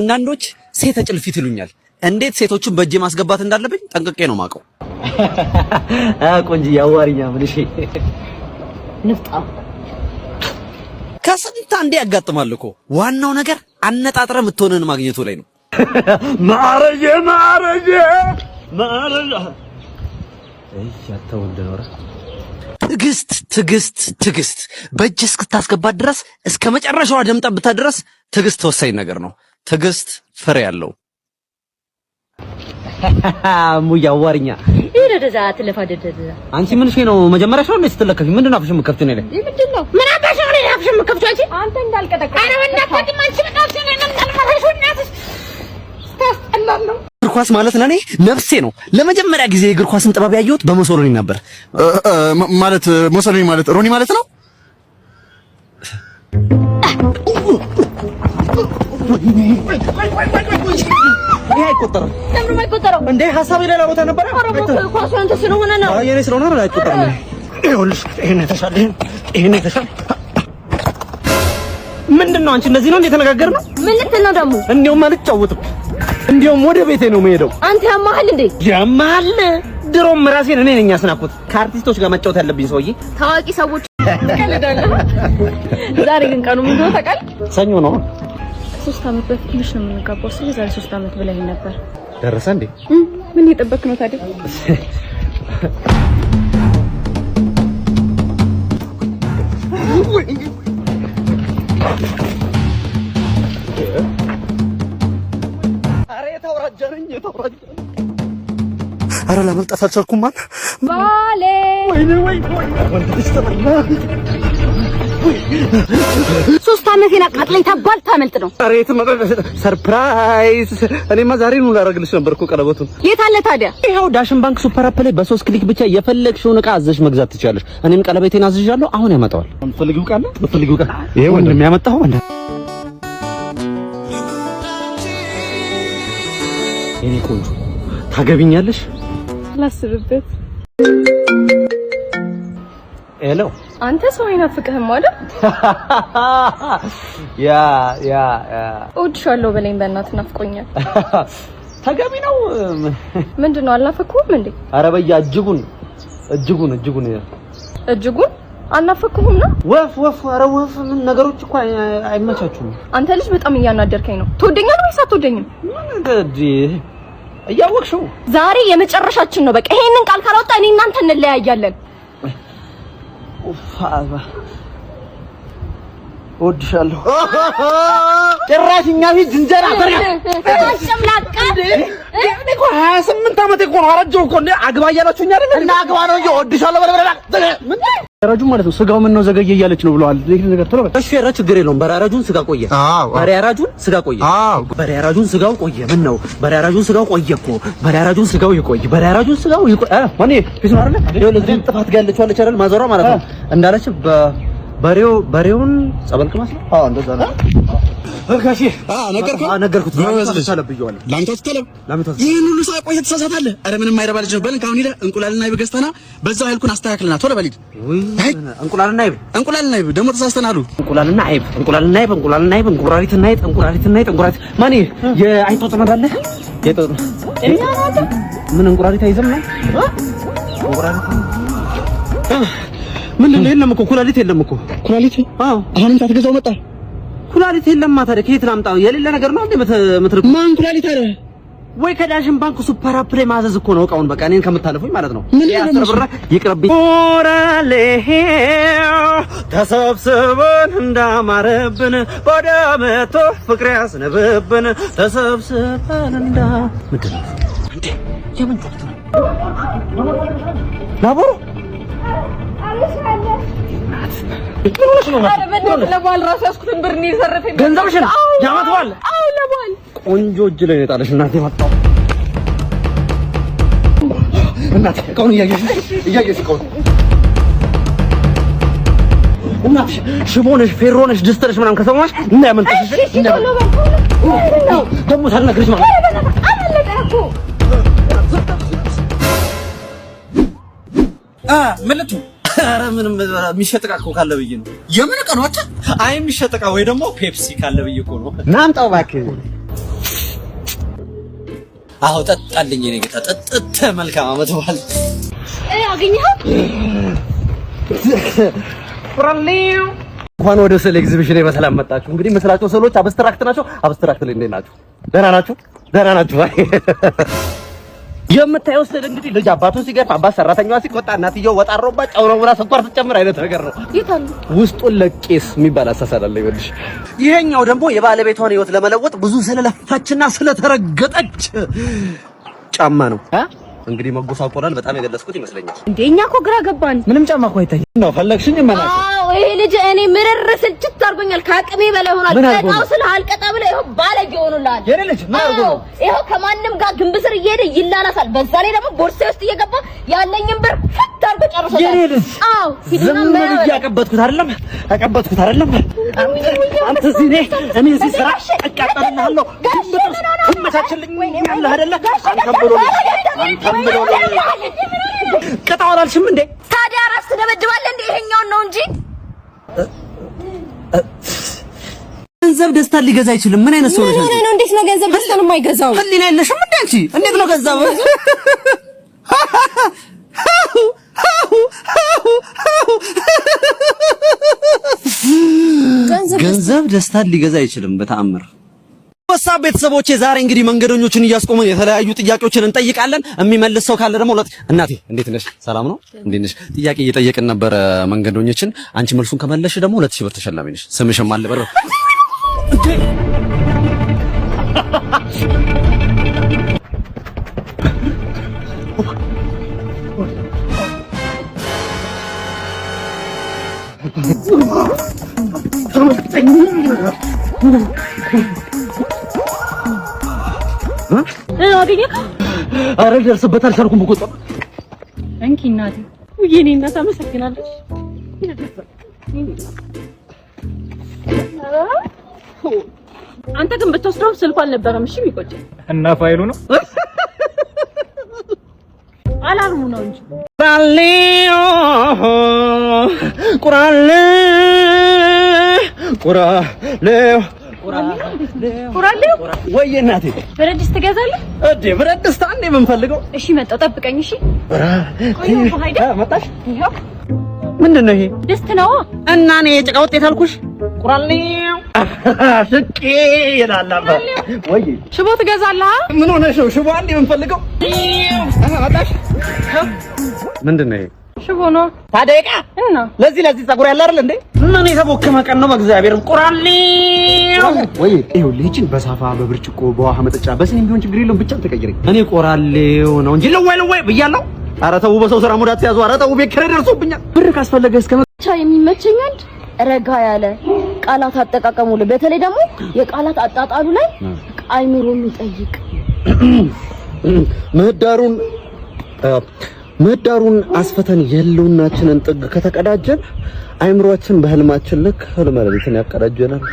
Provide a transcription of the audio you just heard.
አንዳንዶች ሴት ጭልፊት ይሉኛል። እንዴት ሴቶቹን በእጄ ማስገባት እንዳለብኝ ጠንቅቄ ነው የማውቀው። ቆንጂ ያዋሪኛ ምን እሺ፣ ንፍጣ ከስንት አንዴ ያጋጥማል እኮ። ዋናው ነገር አነጣጥረ የምትሆንን ማግኘቱ ላይ ነው። ማረጀ ማረጀ ማረጀ ትግስት ትግስት ትግስት በእጅ እስክታስገባት ድረስ እስከ መጨረሻዋ ደምጠብታ ድረስ ትግስት ወሳኝ ነገር ነው። ትዕግስት ፍሬ ያለው ሙያ አዋርኛ አንቺ ምን ሽ ነው መጀመሪያሽ ነው እንዴ ስትለከፊ ምንድን ነው አፍሽ የምከፍት ነው ምን አንተ እንዳልቀጠቀ አረ እግር ኳስ ማለት ለኔ ነፍሴ ነው። ለመጀመሪያ ጊዜ የእግር ኳስን ጥበብ ያየሁት በሞሶሎኒ ነበር። ማለት ሞሶሎኒ ማለት ሮኒ ማለት ነው። ይሄ የሌላ ቦታ ነው። ድሮም ራሴን እኔ ነኝ ያስናኩት። ከአርቲስቶች ጋር መጫወት ያለብኝ ሰውዬ፣ ታዋቂ ሰዎች ዛሬ ግን ቀኑ ምንድን ነው ታውቃለህ? ሰኞ ነው። ሶስት አመት በፊት ትንሽ ነው የምንጋባው። ስለዚህ ዛሬ ሶስት አመት ብለኸኝ ነበር። ደረሰ እንዴ? ምን እየጠበክ ነው ታዲያ? አረ ላመልጣት አልቻልኩም። ማን ሶስት አመት አቃጥለኝ ተባል ታመልጥ ነው። አሬት ሰርፕራይዝ! እኔማ ዛሬ ነው ላደርግልሽ ነበር እኮ ቀለበቱ። የት አለ ታዲያ? ይኸው ዳሽን ባንክ ሱፐር አፕ ላይ በሶስት ክሊክ ብቻ የፈለግሽውን እቃ አዘሽ መግዛት ትችላለሽ። እኔም ቀለበቴን አዝዣለሁ፣ አሁን ያመጣዋል። ፈልጊው ቃል ነው ፈልጊው ቃል ይሄ ወንድም ያመጣው ወንድም የኔ ቆንጆ ታገቢኛለሽ? አላስብበት ሄሎ አንተ ሰው አይናፍቅህም አይደል? ያ ያ እወድሻለሁ በለኝ። በእናትህ ናፍቆኛል። ተገቢ ነው። ምንድን ነው አልናፈኩህም እንዴ? ኧረ በያ እጅጉን እጅጉን እጅጉን እጅጉን አልናፈኩህም ነው። ወፍ ወፍ፣ ኧረ ወፍ ምን ነገሮች እኮ አይመቻችሁም። አንተ ልጅ በጣም እያናደርከኝ ነው። ትወደኛለህ ወይስ አትወደኝም? እያወቅሽው ዛሬ የመጨረሻችን ነው። በቃ ይሄንን ቃል ካላወጣ እኔ እናንተ እንለያያለን። እወድሻለሁ። ጭራሽ እኛ ቤት ዝንጀራ እኔ እኮ ሀያ ስምንት ዓመቴ እኮ ነው። አረጀሁ እኮ እንደ አግባ እያላችሁኝ አይደል? እና አግባ ነው እንጂ እወድሻለሁ በለ በለ በለ ማለት ነው። ስጋው ምን ዘገየ እያለች ነው ብለዋል። ይሄ ነገር ተለው እሺ፣ ኧረ ችግር የለውም። በሬ አራጁን ስጋ ቆየ። በሬ አራጁን ስጋ ቆየ። በሬ አራጁን ስጋው ቆየ። ምን በሬ አራጁን ስጋው ቆየ እኮ በሬ አራጁን ስጋው ይቆይ። በሬ አራጁን ስጋው ይቆይ። ማን ፊት ነው አይደል? ይሄው ለዚህ ጥፋት ጋር ያለችው አለች አይደል? ማዘሯ ማለት ነው እንዳለች በሬው በሬውን ጸበልክ ማለት ነው። አዎ እንደዛ ነው። ነገርኩት። ይህን ሁሉ ሰው ቆይተህ ምንም ነው። ካሁን እንቁላልና አይብ ገዝተና በዛው ኃይልኩን አስተካክልና ቶሎ እንቁላልና አይብ እንቁላልና አይብ ደግሞ ተሳስተን አሉ። እንቁላልና አይብ እንቁላልና አይብ እንቁላልና አይብ እንቁራሪትና አይብ እንቁራሪትና አይብ ማን ምን እንቁራሪት ነው ምንድን ነው? የለም እኮ ኩላሊት የለም እኮ ኩላሊት። አዎ አሁንም ሳትገዛው መጣ ኩላሊት የለም። ታዲያ ከየት ላምጣው? የሌለ ነገር ነው እንዴ የምትርቁ? ማን ኩላሊት አለ ወይ? ከዳሽን ባንክ ሱፐር አፕ ላይ ማዘዝ እኮ ነው እቃውን። በቃ እኔን ከምታለፉኝ ማለት ነው። የአስር ብር ይቅርብኝ። ተሰብስበን እንዳማረብን ወደ ፍቅር ያስነብብን ተሰብስበን እንዳ ምንድን ነው እንዴ? የምን ጩኸት ነው? ናቦሩ ቆንጆ እጅ ላይ የጣለሽ እናቴ መጣው እናቴ እቃውን እያየሽ እቃውን እናትሽ ሽቦ ነሽ፣ ፌሮ ምናምን ከሰማሽ እንዳያመልጥሽ ደግሞ ሳልነግርሽ ማለት ነው። ኧረ ምንም የሚሸጥ ዕቃ እኮ ካለ ብዬ ነው። የምን ነው? አይ የሚሸጥ ወይ ደግሞ ፔፕሲ ካለ ብዬ እኮ ነው። ናምጣው እባክህ። አዎ ጠጣልኝ፣ ጌታ ጠጥተ። መልካም አመት በዓል እንኳን ወደ ስዕል ኤግዚቢሽን በሰላም መጣችሁ። እንግዲህ የምስላቸው ስዕሎች አብስትራክት ናቸው። አብስትራክት ላይ እንዴት ናችሁ? ደህና ናችሁ? ደህና ናችሁ? የምታየው ስል እንግዲህ ልጅ አባቱ ሲገርፍ አባት ሰራተኛዋ ሲቆጣ እናትየው ወጣሮባ ጨውሮ ስኳር ስጨምር አይነት ነገር ነው። ይታሉ ውስጡን ለቄስ የሚባል አሳሳል አለ። ይሄኛው ደግሞ የባለቤቷን ህይወት ለመለወጥ ብዙ ስለለፋችና ስለተረገጠች ጫማ ነው። እንግዲህ መጎሳቆላል በጣም የገለጽኩት ይመስለኛል። እንደ እኛ እኮ ግራ ገባን። ምንም ጫማ እኮ አይታይም ነው ፈለግሽኝ ማለት አዎ፣ ይሄ ልጅ እኔ ምርር ስልችት አድርጎኛል። ከአቅሜ በላይ ሆኗል። ቀጣው ስለ አልቀጣ ብለ ይሄው ባለጌ ሆኖላል። የኔ ልጅ ማርጎ ይሄው ከማንም ጋር ግንብ ስር እየሄደ ይላላሳል። በዛ ላይ ደግሞ ቦርሳዬ ውስጥ እየገባ ያለኝን ብር ፍት አርጎ ጨርሶታል። የኔ ልጅ አዎ፣ ዝም ብዬ ያቀበጥኩት አይደለም ያቀበጥኩት አይደለም አንተ እዚህ እኔ እኔ እዚህ ስራ እቃጠልናለሁ ግንብ አመቻችልኝ እንዴ? ታዲያ ራስ ትደበድባለህ እንዴ? ይሄኛውን ነው እንጂ ገንዘብ ደስታ ሊገዛ አይችልም። ምን አይነት ሰው ነው? እንዴት ነው ገንዘብ ደስታን የማይገዛው? ህሊና የለሽም እንዴ አንቺ? እንዴት ነው ገንዘብ ገንዘብ ደስታን ሊገዛ አይችልም በተአምር ቤተሰቦቼ ዛሬ እንግዲህ መንገደኞችን እያስቆምን የተለያዩ ጥያቄዎችን እንጠይቃለን። የሚመልስ ሰው ካለ ደግሞ እናቴ እንዴት ነሽ? ሰላም ነው? እንዴት ነሽ? ጥያቄ እየጠየቅን ነበረ መንገደኞችን። አንቺ መልሱን ከመለሽ ደግሞ ሁለት ሺህ ብር ተሸላሚ ነሽ። ስምሽም ማለ በረ አረ ደርስበታል አልቻልኩም። በቆጣ እንኪ እናቴ። ውይ እኔ እናት አመሰግናለች። አንተ ግን ብትወስደው ስልኩ አልነበረም። እሺ የሚቆጭ እና ፋይሉ ነው አላርሙ ነው እንጂ ቁራሌ ቁራሌ ቁራሌው ወይ እናቴ ብረት ድስት ትገዛለህ እንዴ? ብረት ድስት አንዴ የምንፈልገው። እሺ መጣሁ፣ ጠብቀኝ። እሺ መጣሽ። ምንድን ነው ይሄ? ድስት ነው እና እኔ የጭቃ ውጤት አልኩሽ። ቁራሌው ሽቄ ይላል ወይ ሽቦ ትገዛለህ? ምን ሆነሽ ነው? ሽቦ አንዴ የምንፈልገው። መጣሽ። ምንድን ነው ይሄ? ሽቦ ነው ታደቃ እና ለዚህ ለዚህ ፀጉር ያለ አይደል እንዴ? ምን የተቦከመ ቀን ነው በእግዚአብሔር ቁራሌ ወይ ይኸው ልጅን በሳፋ በብርጭቆ በውሃ መጠጫ በስኒም ቢሆን ችግር የለውም ብቻ ተቀይረኝ። እኔ ቆራሌው ነው እንጂ ለዋይ ለዋይ ብያለሁ። ኧረ ተው በሰው ስራ ሙዳት ያዙ። ኧረ ተው ቤት ኪራይ ደርሶብኛል። ብር ካስፈለገ እስከ መቻ የሚመቸኝ አንድ ረጋ ያለ ቃላት አጠቃቀሙ ላይ በተለይ ደግሞ የቃላት አጣጣሉ ላይ አይምሮ የሚጠይቅ ምህዳሩን ምህዳሩን አስፈተን የህልውናችንን ጥግ ከተቀዳጀን አይምሯችን በህልማችን ልክ ህልመ ሌሊትን ያቀዳጀናል።